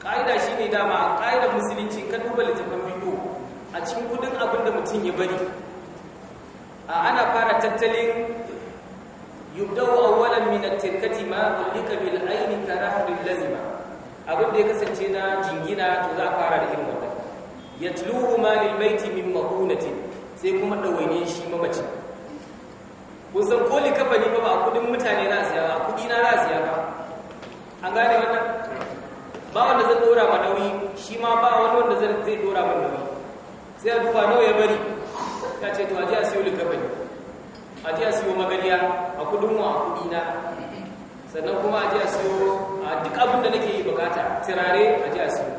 ƙa'ida shi ne dama ƙa'ida musulunci ka duba littafin biyu a cikin kudin abin da mutum ya bari A ana fara tattalin yubdau awwalan min at-tirkati ma ulika bil ayni karahul lazima abin da ya kasance na jingina to za a fara da irin wannan yatluhu ma lil baiti min maqunatin sai kuma dawaine shi mamaci kun san ko likafani ba ba kudin mutane na ziyara, ba kudi na ziyara an gane wannan ba wanda zai dora ma nauyi shi ma ba wani wanda zai dora ma nauyi sai a duba ya bari ta ce to aji a siyo likafani aji a siyo magariya a kudin mu a kudina na sannan kuma aji a siyo a duk abin da nake yi bukata tirare aji a siyo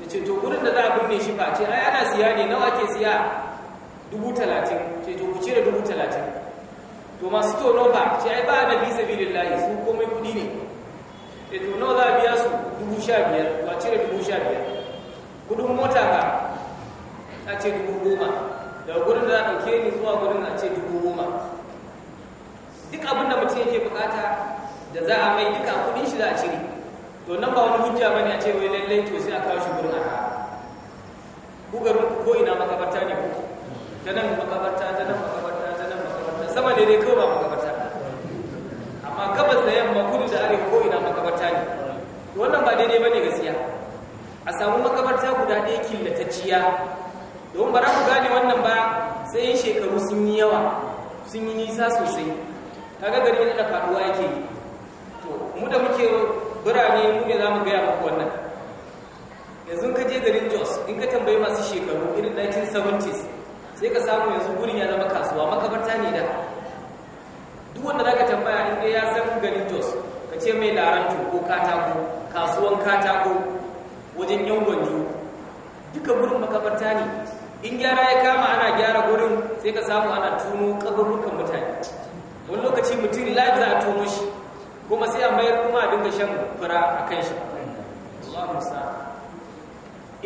ya ce to gudun da za a binne shi ba ce ai ana siya ne nawa ke siya dubu talatin ce to ku cire dubu talatin to masu tono ba ce ai ba na bisa bilin layi su komai kudi ne ya nawa za a biya su dubu sha biyar ba cire dubu sha biyar kudin mota ka a ce dubu goma daga gudun da za a ɗauke ni zuwa gudun a ce dubu goma duk abin da mutum yake bukata da za a mai duka kudin shi za a cire to nan ba wani hujja bane a ce wai lallai to sai a kawo shi gudun a ku garin ko ina makabarta ne ku ta nan makabarta ta nan makabarta ta nan makabarta sama ne dai kawai ba makabarta amma gabas da yamma kudu da arewa ko ina makabarta wannan ba daidai bane gaskiya a samu makabarta guda ɗaya killatacciya domin ba za ku gane wannan ba sai shekaru sun yi yawa sun yi nisa sosai kaga gari ne da faduwa yake yi to mu da muke birane mu ne za mu gaya muku wannan yanzu ka je garin jos in ka tambayi masu shekaru irin 1970s sai ka samu yanzu gurin ya zama kasuwa makabarta ne da duk wanda za ka tambaya in ya san garin jos ka ce mai laranto ko katako kasuwan katako wajen yan gwanjo duka gudun makabarta ne in gyara ya kama ana gyara gurin sai ka samu ana tuno kaburrukan mutane wani lokaci mutum lafi za a tuno shi kuma sai a mayar kuma a dinga shan fura a kan shi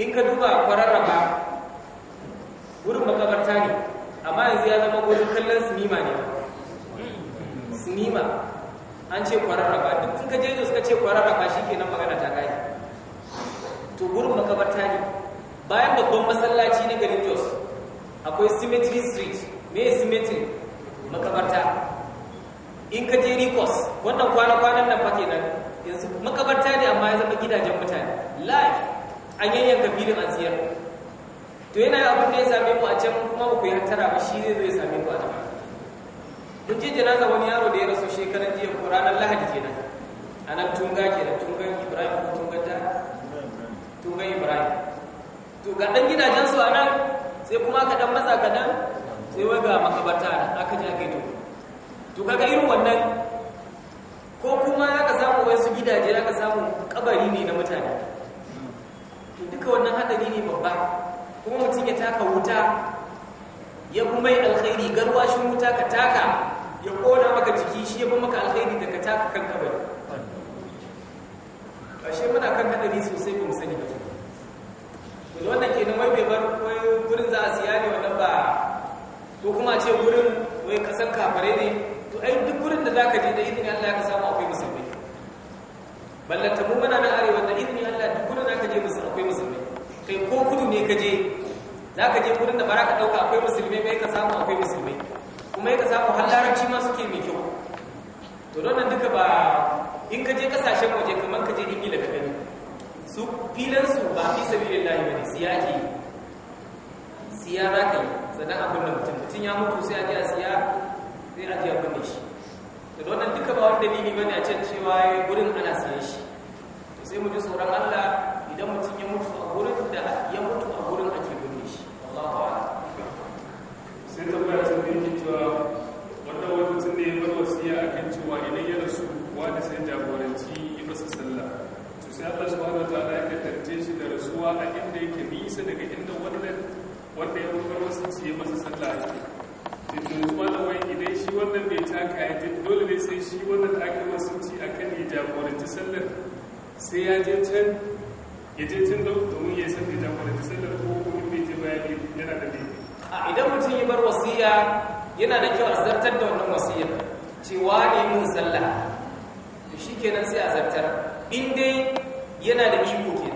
in ka duba kwararraba wurin makabarta ne amma yanzu ya zama gudun kallon sinima ne hmm. sinima an ce raba duk in ka je jos ka ce raba shi kenan magana ta kai to gurin makabarta ne bayan babban masallaci na garin jos akwai symmetry street me symmetry makabarta in ka je rikos wannan kwana-kwanan nan fa kenan yanzu makabarta ne amma ya zama gidajen mutane live an yanyanka filin an siyar to yana abin da ya same mu a can kuma ba ku yi hantara ba shi zai zo ya same ku a jama'a mun je janaza wani yaro da ya rasu shekaran jiya ko ranar lahadi kenan a nan tunga kenan tungan ibrahim ko tungan ta tungan ibrahim to ga dan gidajen su a nan sai kuma ka dan maza ka dan sai wai ga makabarta nan aka je aka yi to to kaga irin wannan ko kuma aka samu su gidaje aka samu kabari ne na mutane to duka wannan hadari ne babba kuma mutum ya taka wuta ya kuma yi alkhairi garwashin wuta ka taka ya kona maka jiki shi ya fi maka alkhairi da ka taka kan kabari ashe muna kan hadari sosai bin sani ba da wannan kenan wai bai bar wai gurin za a siya ne wannan ba ko kuma ce gurin wai kasan kafare ne to ai duk gurin da za ka je da izini Allah ka samu akwai musulmi ballanta mu muna nan arewa da izini Allah duk gurin ka je musulmi akwai musulmi kai ko kudu ne ka je ka je gurin da baraka dauka akwai musulmi mai ka samu akwai musulmi kuma yaka samu har larabci ma suke mai kyau to don nan duka ba in ka je kasashen waje kamar ka je ingila ka gani su filansu ba fi sabilin lahi ba ne siya ke siya za ka yi sannan abin da mutum mutum ya mutu sai a je a siya sai a je a binne shi don nan duka ba wani dalili ne a can cewa gurin ana siyan shi to sai mu ji tsoron Allah idan mutum ya mutu a gurin da ya mutu a gurin ake binne shi Allahu a'lam sai tambaya ta ne yake cewa wannan wani mutum ne ya wasiya akan cewa idan ya rasu wanda sai jagoranci ya masa sallah to sai Allah subhanahu wataala ya kaddance shi da rasuwa a inda yake nisa daga inda wannan wanda ya rubar wasu ya masa sallah yake to yanzu malamai idan shi wannan bai taka ya dole ne sai shi wannan da aka wasu ci akan ya jagoranci sallar sai ya je can ya je can domin ya san ya jagoranci sallar ko kuma bai je baya yana da bai idan mutum ya bar wasiya yana da kyau a zartar da wannan wasiya cewa ne mun sallah to kenan sai a zartar in dai yana da iko ke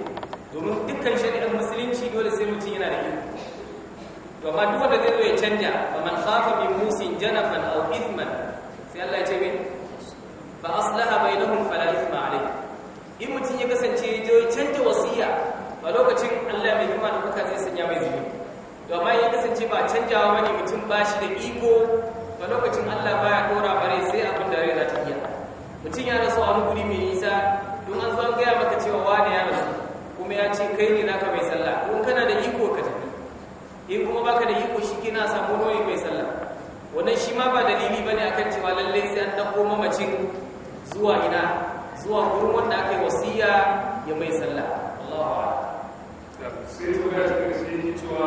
domin dukkan shari'ar musulunci dole sai mutum yana da iko to amma duk wanda zai zo ya canja ba man khafa min musin janafan aw ithman sai Allah ya ce me fa aslaha bainahum fala ithma alayhi in mutum ya kasance ya canja wasiya a lokacin Allah mai hikima da kuka zai sanya mai zuwa. domin ya kasance ba canjawa bane mutum ba shi da iko ba lokacin Allah baya dora bare sai abin da rai za iya mutum ya rasu a wani guri mai nisa don an zo gaya maka cewa wani ya rasu kuma ya ce kai ne naka mai sallah in kana da iko ka tafi in kuma baka da iko shi kina samu noyi mai sallah wannan shi ma ba dalili bane akan cewa lallai sai an dauko mamacin zuwa ina zuwa gurin wanda aka yi wasiya ya mai sallah Allahu akbar sai ku ga cikin cewa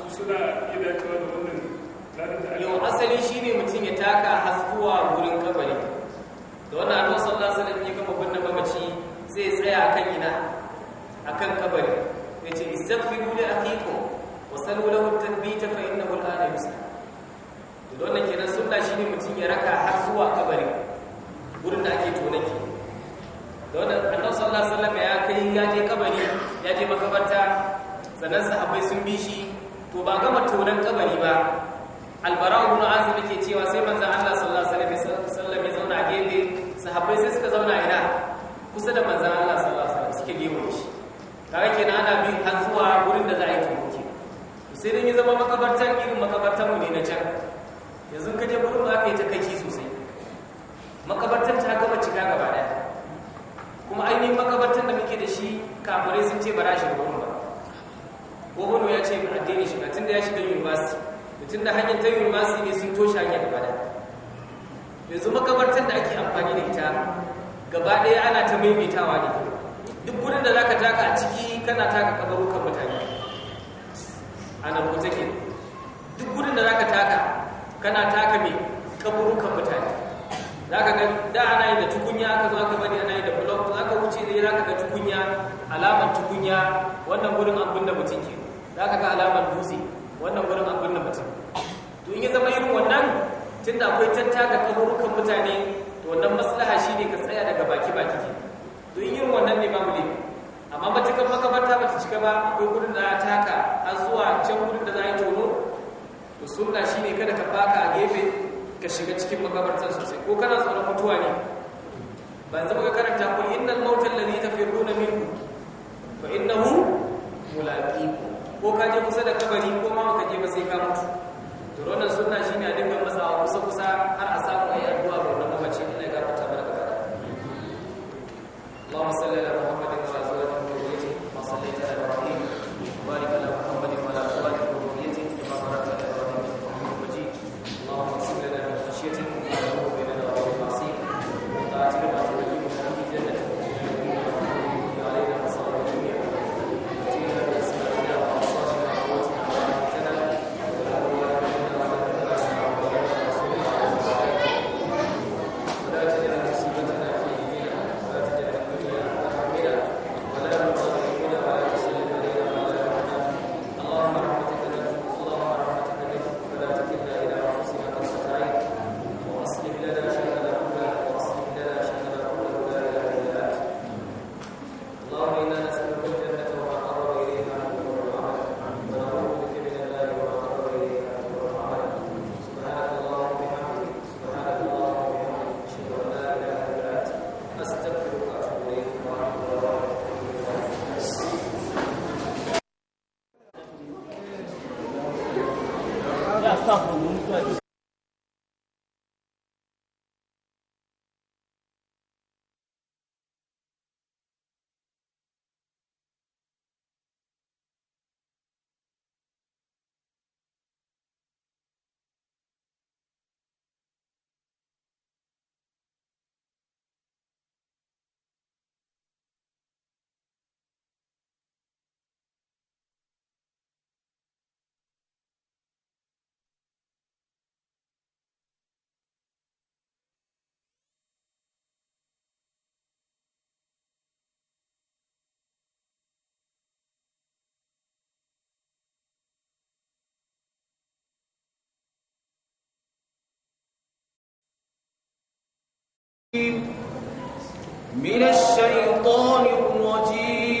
suna iya dacewa da wannan tsarin da ake yau asali mutum ya taka har zuwa wurin kabari da wannan annabi sallallahu alaihi wasallam ya gama binne mamaci sai tsaya kan ina akan kabari ce yace istaghfiru li akhikum wa salu lahu at-tathbita fa innahu al-ana muslim da wannan kenan sunna shine mutum ya raka har zuwa kabari wurin da ake tona da wannan annabi sallallahu alaihi ya kai ya je kabari ya je makabarta sannan sahabbai sun bi shi to ba gama tonan kabari ba albara ibn azib yake cewa sai manzon Allah sallallahu alaihi wasallam ya zauna gefe sahabbai sai suka zauna ina kusa da manzon Allah sallallahu alaihi wasallam suke gefe shi kaga kenan ana bi har zuwa gurin da za a yi tuki sai dan ya zama makabartan irin makabartan mu ne na can yanzu ka je gurin ba kai ta kaci sosai makabartan ta gama cika gaba daya kuma ainihin makabartan da muke da shi kafirai sun ce ba za shi gurin ba gohono ya ce addini shiga tun da ya shiga university tun da hanyar ta university ne sun toshe hanyar gaba da yanzu makamartar da ake amfani da ita gaba ɗaya ana ta maimaitawa ne duk gudun da za ka taka a ciki kana taka kabarukan mutane a nan ku take duk gudun da za ka taka kana taka mai kaburukan mutane za ka ga da ana yi da tukunya aka zo aka bari ana yi da blok za ka wuce da za ka ga tukunya alamar tukunya wannan gudun abin da mutum ke za ka ga alamar dutse wannan wurin abin da mutum to in ya zama irin wannan tun da akwai tattaka kaburukan mutane to wannan maslaha shi ne ka tsaya daga baki baki ke to in irin wannan ne mu laifi amma matukan makabarta ba ta cika ba akwai gudun da taka har zuwa can gudun da za a yi tono to sunna shi ne kada ka baka a gefe ka shiga cikin makabartar sosai ko kana tsoron mutuwa ne ban zama ka karanta kul innal mautal ladhi tafirruna minhu fa innahu mulaqikum ko ka je kusa da kabari ko ma ka je ba sai ka mutu to ronan sunna ne a dinga a kusa kusa har a samu ayi addu'a ga wannan mace ina ga fata barka Allahumma salli ala Muhammadin wa sallam من الشيطان الرجيم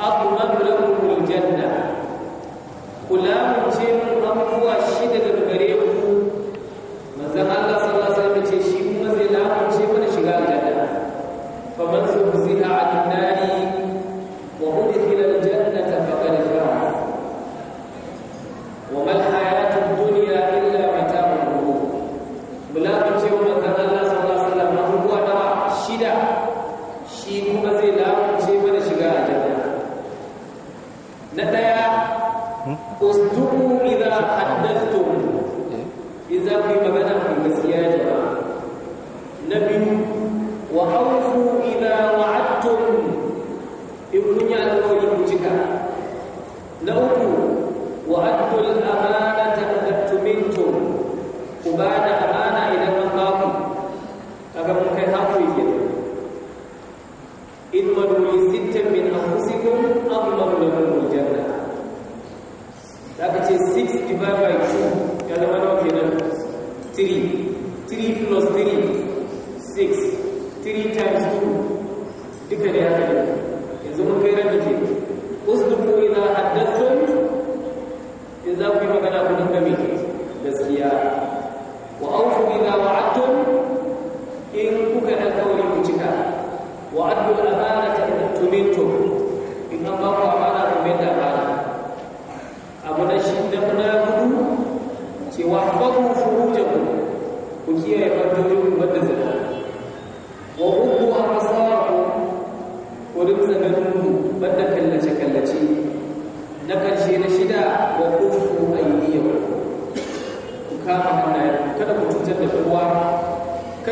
أضمن لكم الجنة كلام شيء من أمر وأشد لكم غريب من زهل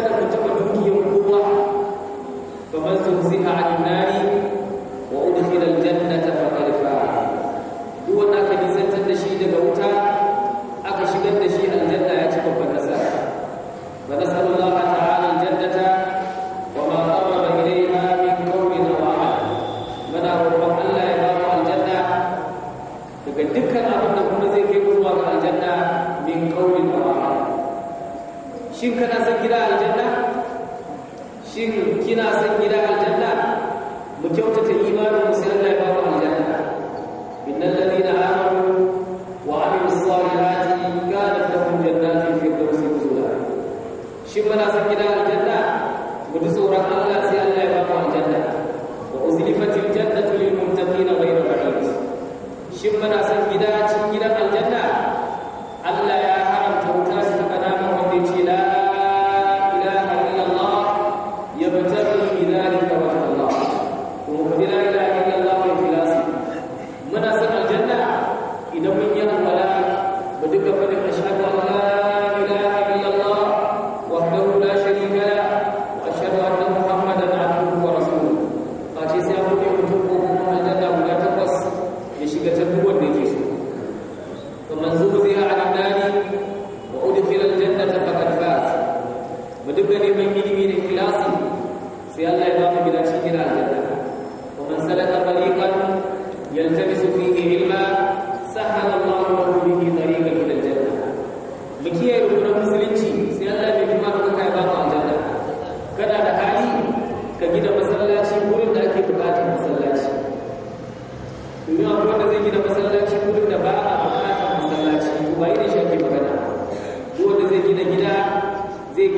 kada ku taɓa dukiyar kowa ba man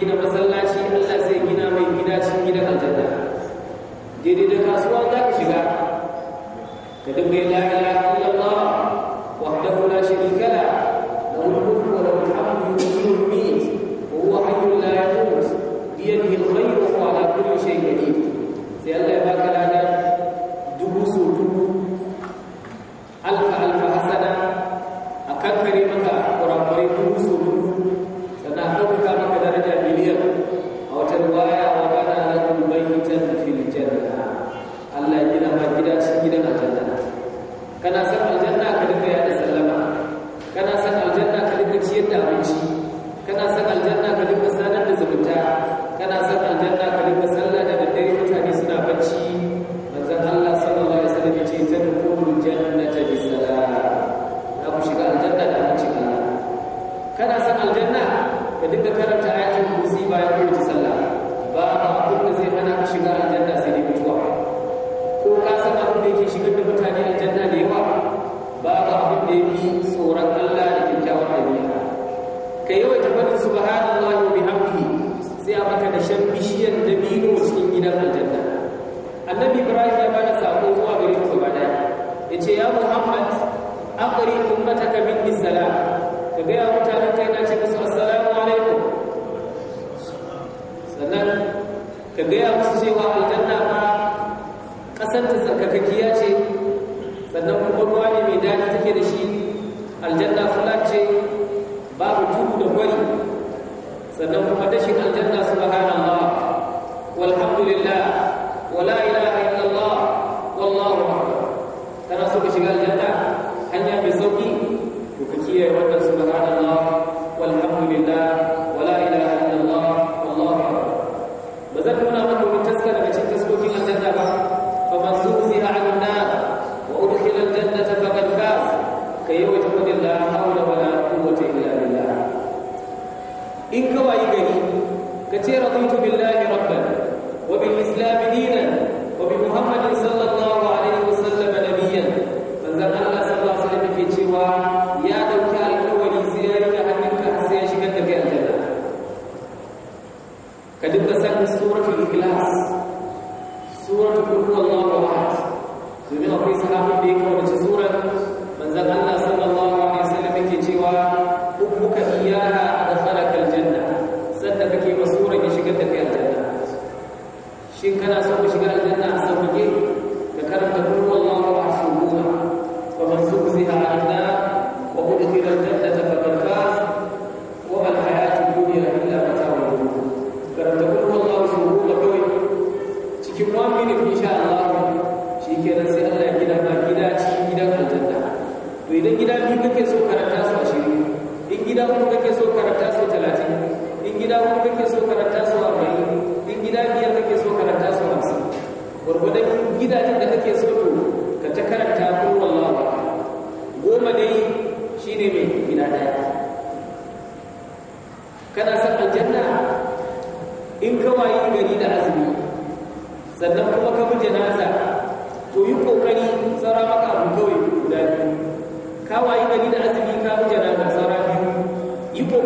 gina masallaci Allah zai gina mai gida cikin gidan aljanna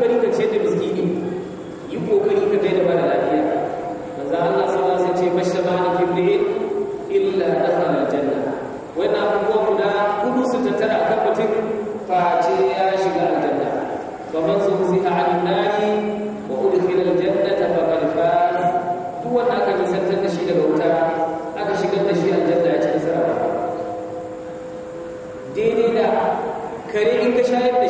kokari ka ce da miskini yi kokari ka da mara lafiya manzo Allah sallallahu alaihi wasallam ce mashabani kibrihin illa dakhala aljanna wannan abubuwa guda hudu su tattara kan mutum face ya shiga aljanna wa man zuhziha 'anil nari wa udkhila aljannata faqad faz duk wanda aka nisantar da shi daga wuta aka shigar da shi aljanna ya ci nasara daidai da kare in ka shayar da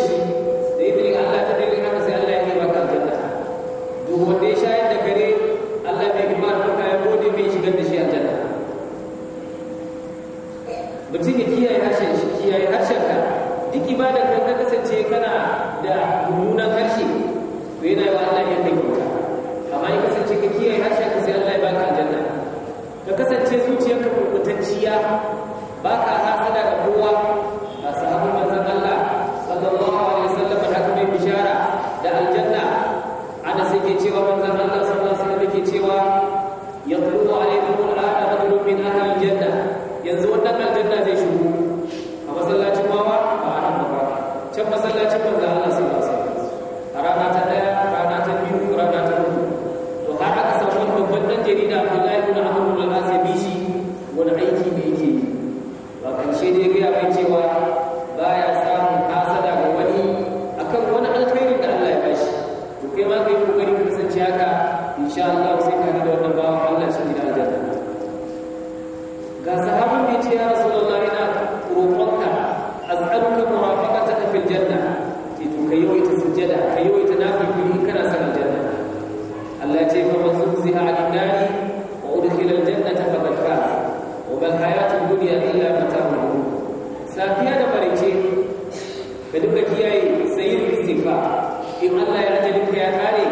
in Allah ya ajalinka ya kare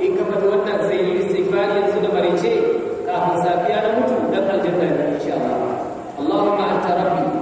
in ka faɗi wannan sai yi istighfar yanzu da barice kafin safiya na mutu dan aljanna ne insha Allah Allahumma anta rabbi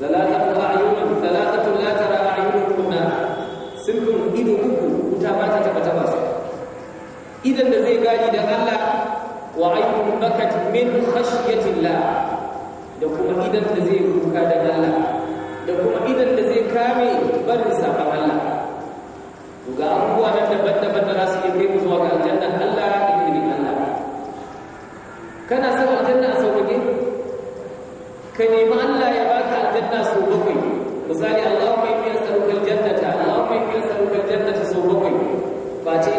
ثلاثة أعين ثلاثة لا ترى أعينكم سنكم إذ أكو متابعة تبتبس إذا الذي قال إذا قال وعين بكت من خشية الله لكم إذا الذي كاد الله لكم إذا الذي كامي برسا الله وقال أبوانا تبتبت ناس يكيب وقال جنة الله ka nemi Allah ya baka aljanna sau bakwai misali Allahumma inni as'aluka aljannata Allahumma inni as'aluka jannata sau bakwai ba ce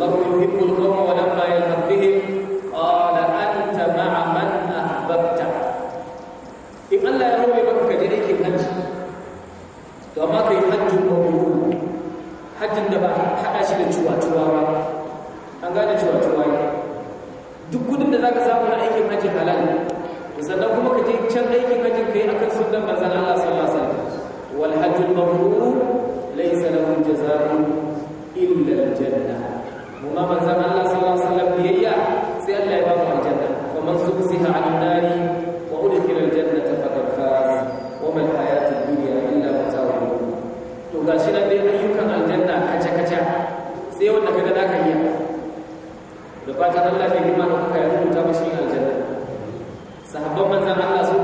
فهو يحب القوم ولما يلحق بهم قال أنت مع من أحببت إن الله يروي بك كجريك الحج وما كي حج مبرور حج النبع حداش لتشوى تشوى an gane cewa cewa duk gudun da za ka samu na sannan kuma ka je can aikin hajji kai akan sunan manzon Allah sallallahu alaihi wasallam wal hajjul mabrur laysa lahu jazaa'un illa al janna. mu ma manzon Allah sallallahu alaihi wasallam biyayya sai Allah ya ba mu aljanna wa man zubziha 'ala an-nari wa udkhila al-jannata faqad faz wa ma al-hayatu ad-dunya illa mata'ul to gashi nan dai ayyukan aljanna kaca kaca sai wanda kaga zaka yi da fatan Allah ne kuma da kuka yi rubuta mashi aljanna sahabban manzon Allah su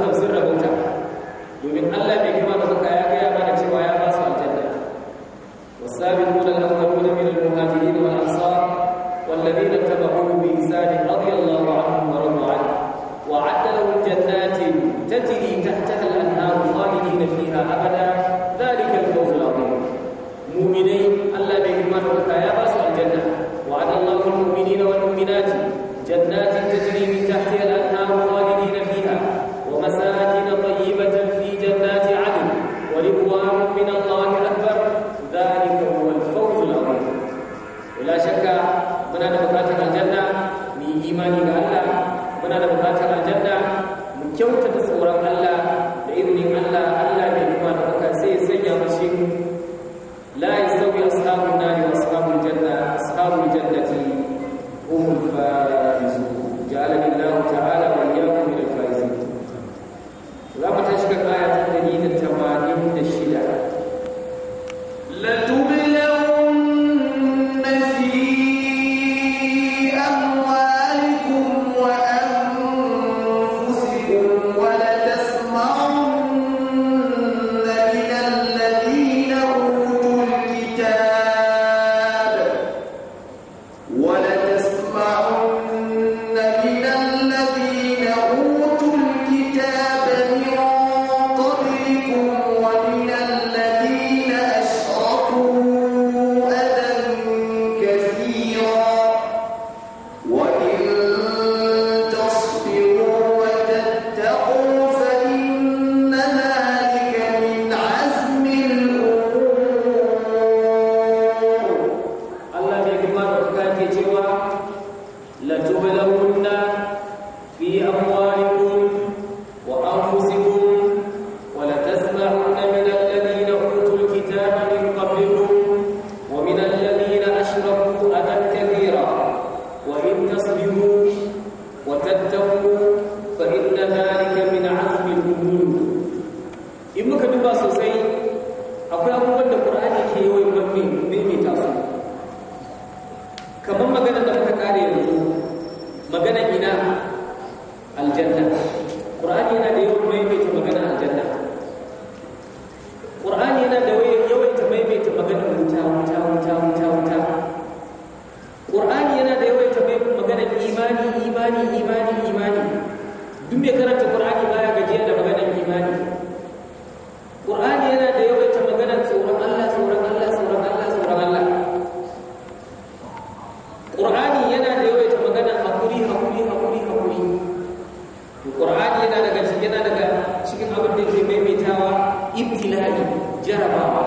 Qur'ani yana daga cikin daga cikin abin da ke maimaitawa ibtila'i jarabawa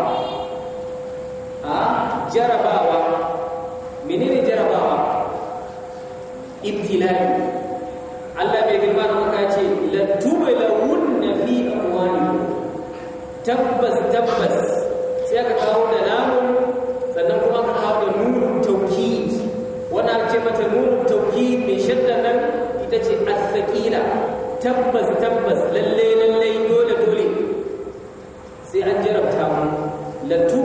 ha jarabawa menene jarabawa ibtila'i Allah bai girma da maka ce la tublawunna fi amwalikum tabbas tabbas sai aka kawo da namun sannan kuma ka kawo da nunun tauki wannan ce mata nunun tauki mai shaddan nan ita ce al-thaqila tabbas tabbas lalle lalle dole dole sai an jarabta mu lattu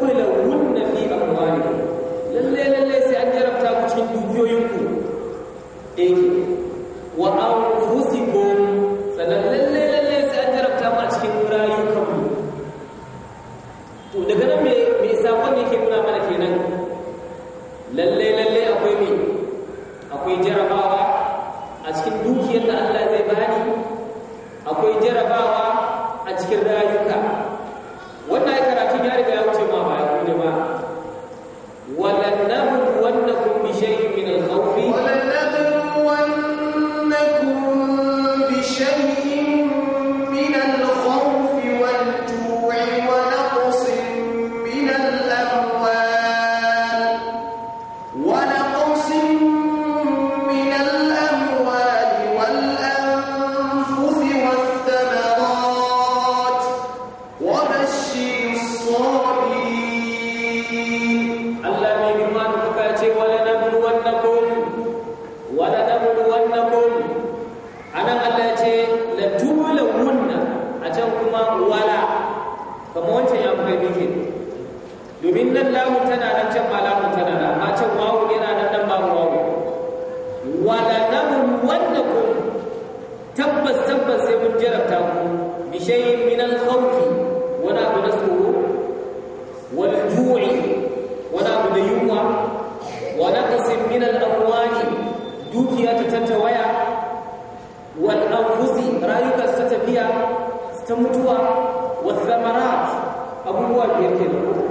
lamun tana nan can ma lamun tana nan amma can wawu yana nan nan babu wawu wala namun wanda ku tabbas tabbas sai mun jarabta ku bi minan min al-khawfi wani abu na tsoro Wani ju'i wani abu da yunwa wa naqsin min al-amwali dukiya ta tattawaya wal anfusi rayuka ta tafiya ta mutuwa wa thamarat abubuwa biyar kenan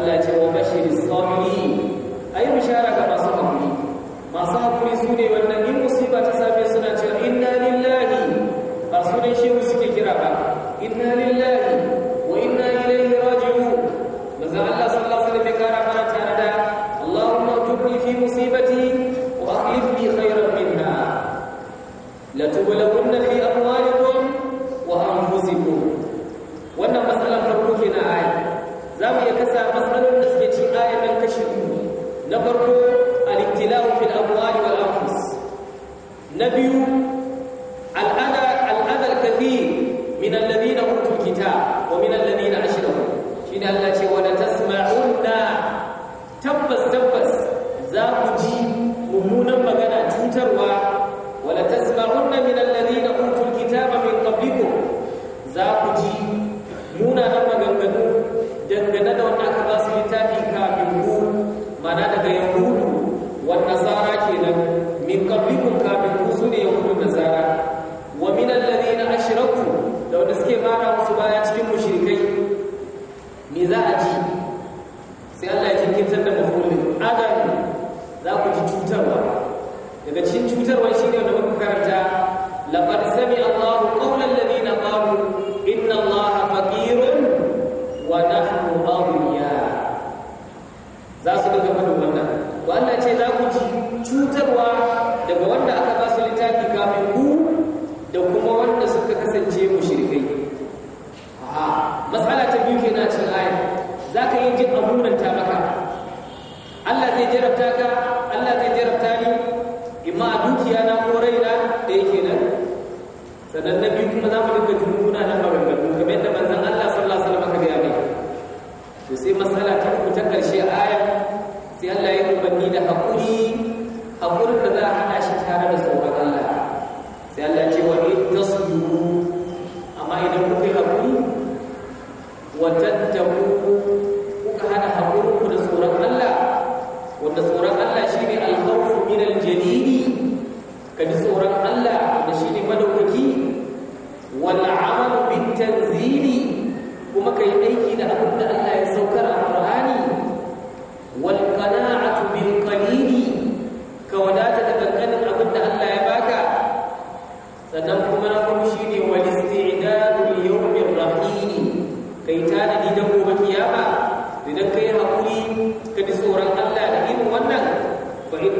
Allah ce wa bashirin sabiri ayi bishara ga masu hakuri masu hakuri su ne wanda in musiba ta same suna cewa inna lillahi ba sunan shi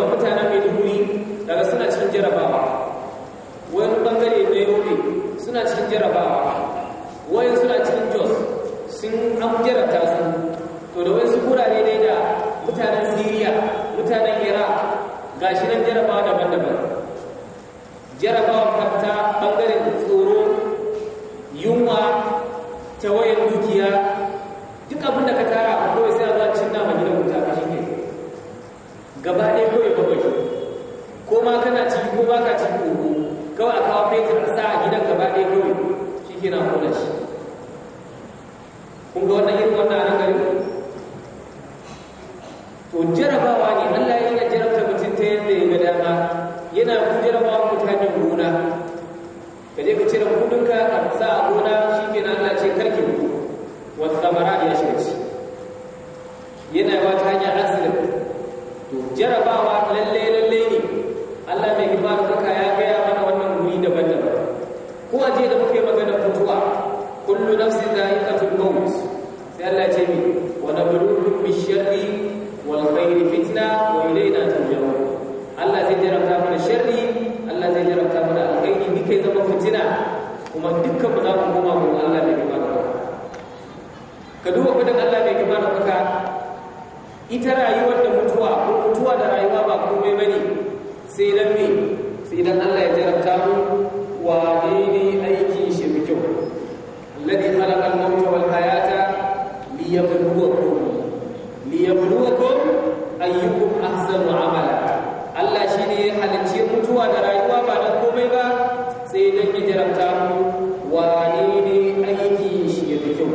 kamar mutanen maiduguri daga suna cikin jarabawa wani bangare na yobe suna cikin jarabawa wani suna cikin jos sun an jarabta su to da su kura ne da mutanen siriya mutanen iraq gashi nan jarabawa daban-daban jarabawa kafta bangaren tsoro yunwa wayan dukiya duk abin da ka tara a kawai sai a zuwa cin nama gidan mutane a shi ne gaba ɗaya ko ma kana ciki ko ba ka ciki ko kawai a kawo fetur a sa a gidan gaba ɗaya kawai shi ke na kuna shi kun ga wannan irin wannan a nan to jarabawa ne Allah ya iya jarabta mutum ta yadda ya ga dama yana ku jarabawa mutane gona ka je ka cire kudinka ka sa a gona shi ke na Allah ce karki ne wasu samara ya shiga ci yana yi ta hanyar asirin to jarabawa lallai zuwa je da muke magana mutuwa kullu nafsin za'iqatul maut sai Allah ya ce mi wa nabluukum bisharri wal khairi fitna wa ilayna turja'un Allah zai jarabta mana sharri Allah zai jarabta mana alkhairi muke zama fitina kuma dukkan mu za mu koma ga Allah mai gaba da ka duba kudin Allah mai gaba da ita rayuwar da mutuwa ko mutuwa da rayuwa ba komai bane sai dan me sai dan Allah ya jarabta mu wa ne yabluwakum ayyukum ahsanu amala Allah shine ya halicce mutuwa da rayuwa ba da komai ba sai dan ya jarabta mu wani ne aiki shi ya fi kyau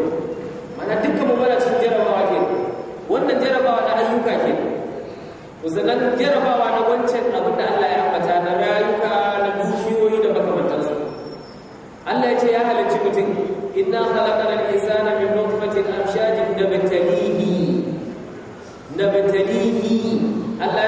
mana dukkan mu mana cikin jarabawa ke wannan jarabawa na ayyuka ke ku jarabawa na wancan abin da Allah ya ambata na rayuka na dukiyoyi da makamantansu Allah ya ce ya halicci mutum inna khalaqal insana min Allah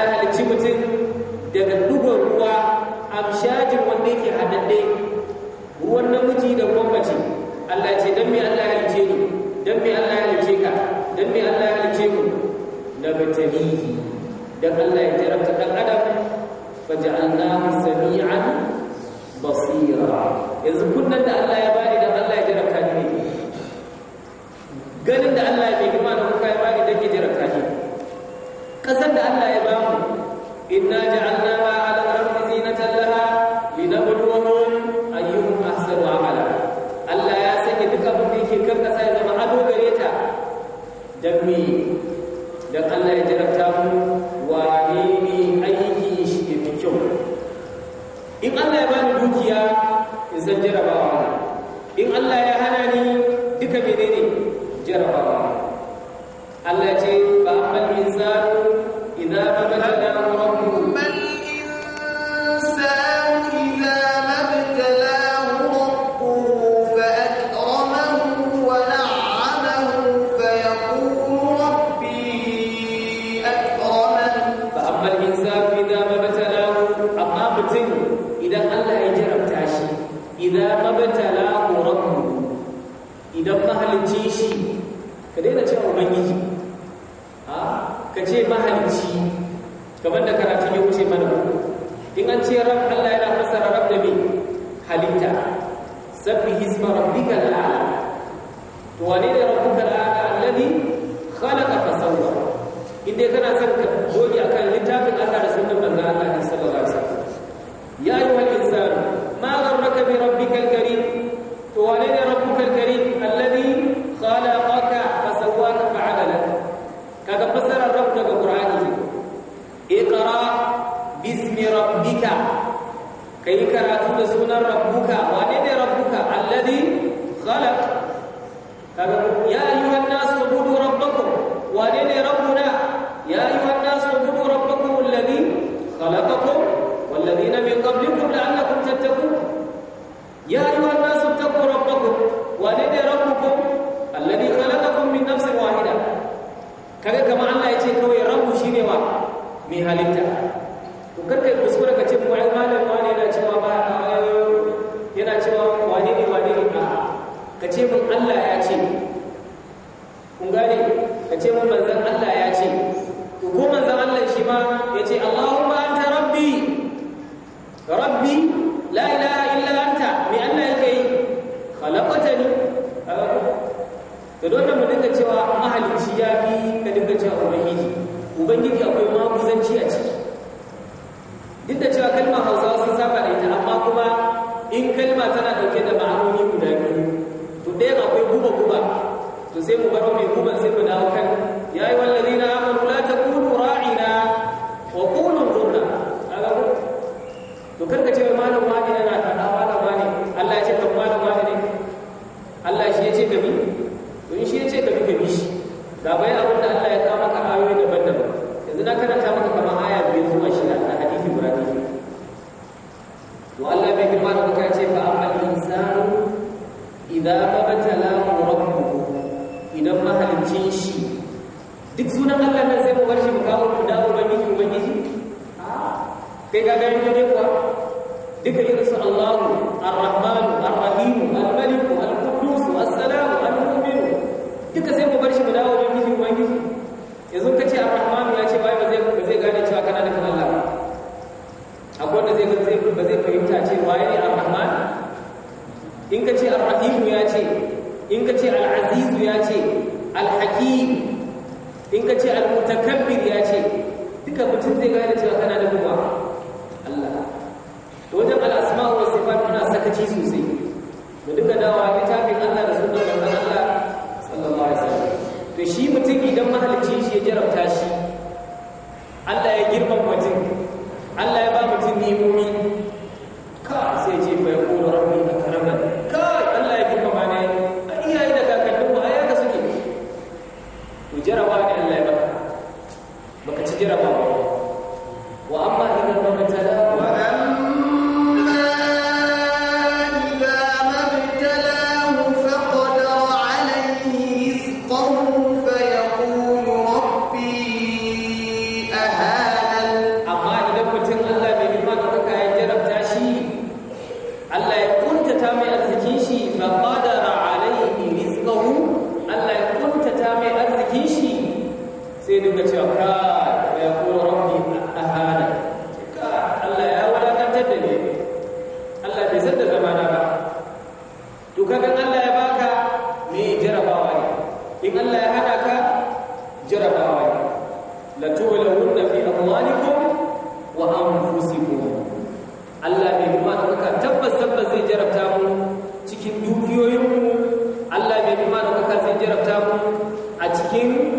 wane ne rabbuka al'ala allazi khalaqa fa sawwa inda kana son ka goge akan littafin Allah da sunnar manzon Allah sallallahu alaihi wasallam to kaga Allah ya baka me jarabawa ne in Allah ya hana ka jarabawa ne la tuwalawunna fi amwalikum wa anfusikum Allah bai kuma da kuka tabbas tabbas zai jarabta mu cikin dukiyoyinmu Allah bai kuma da kuka zai jarabta mu a cikin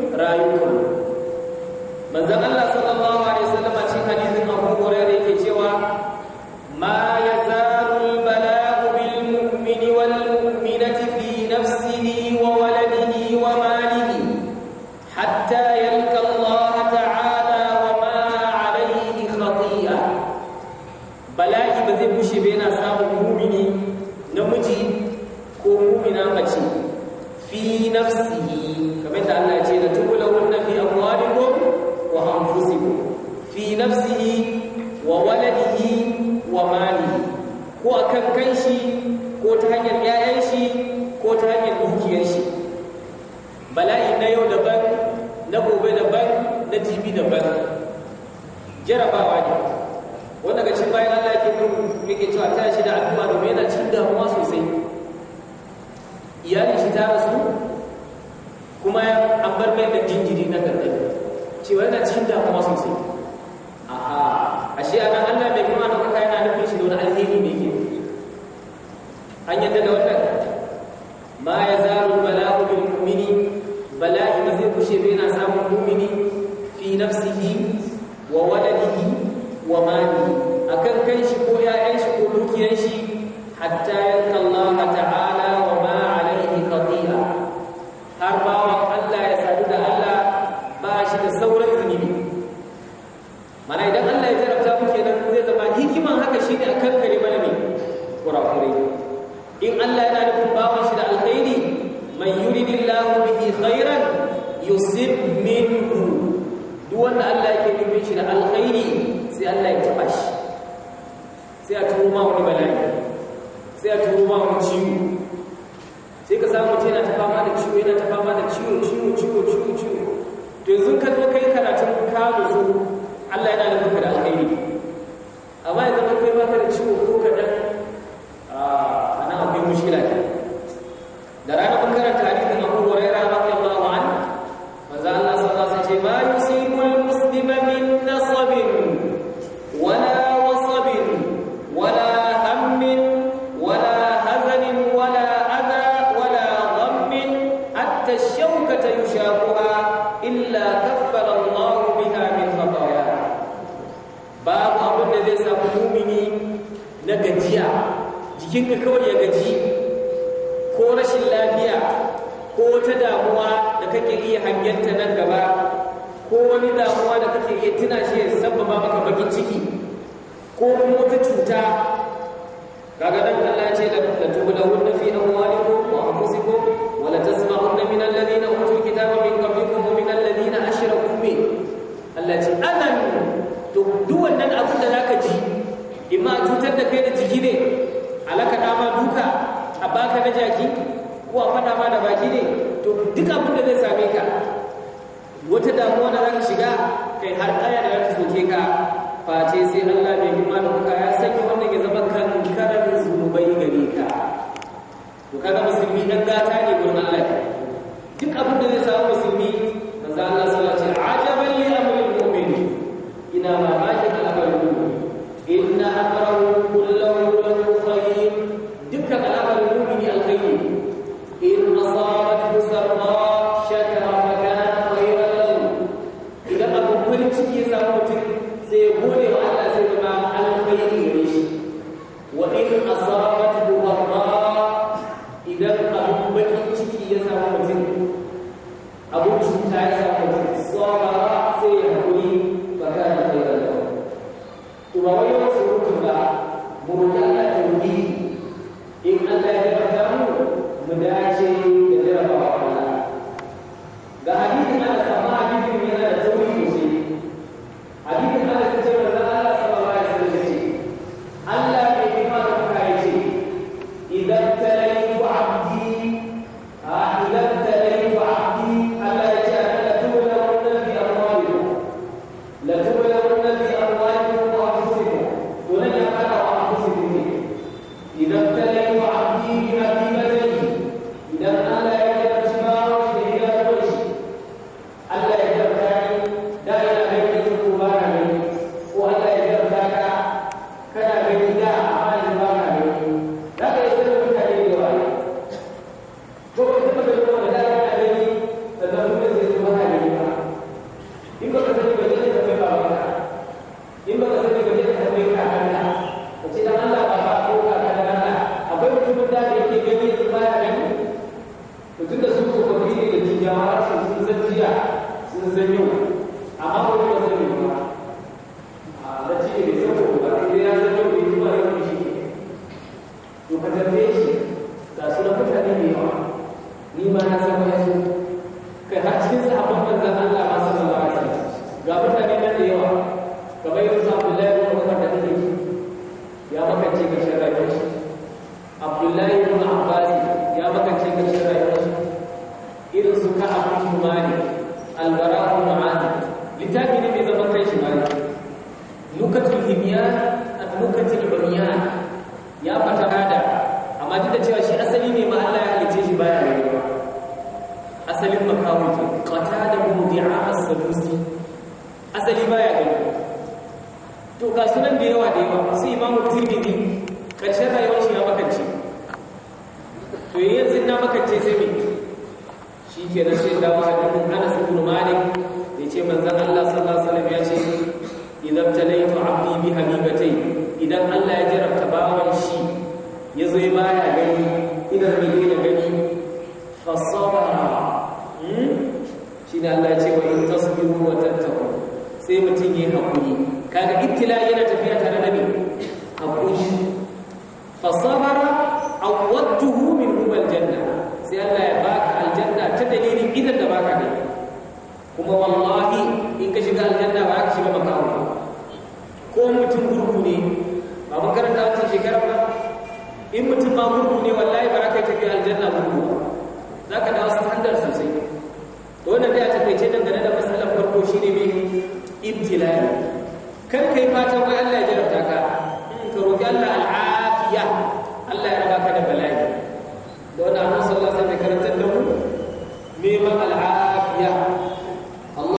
na jibi daban jarabawa ne wanda ga cin bayan Allah yake nuna yake cewa ta shi da al'umma da hikiman haka shine a kankare mana ne kurakurai in Allah yana nufin bawan shi da alkhairi man yuridillahu bihi khairan yusib minhu duk wanda Allah yake nufin shi da alkhairi sai Allah ya taba shi sai a turo ma wani bala'i sai a turo ma wani ciwo sai ka samu mutum yana ta fama da ciwo yana ta fama da ciwo ciwo ciwo ciwo ciwo to yanzu ka zo kai karatun ka nutsu Allah yana nufin ka da alkhairi amma ya zama kai baka da ciwo ko kaɗan ah, a nan akwai mushkila ke da rana mun karanta hadisin abu to ka tambaye shi ga da yawa ni ma na san wasu kai har cikin sahabban manzon Allah ma sallallahu alaihi wasallam ga mutane nan da yawa kamar ya ba su imamu tirmidhi karshen rayuwar shi ya makance to yanzu na makance sai me shi ke sai da hadisin Anas ibn Malik da ce manzon Allah sallallahu alaihi wasallam ya idan talaytu abdi bi habibatay idan Allah ya jarabta bawan shi ya zo ya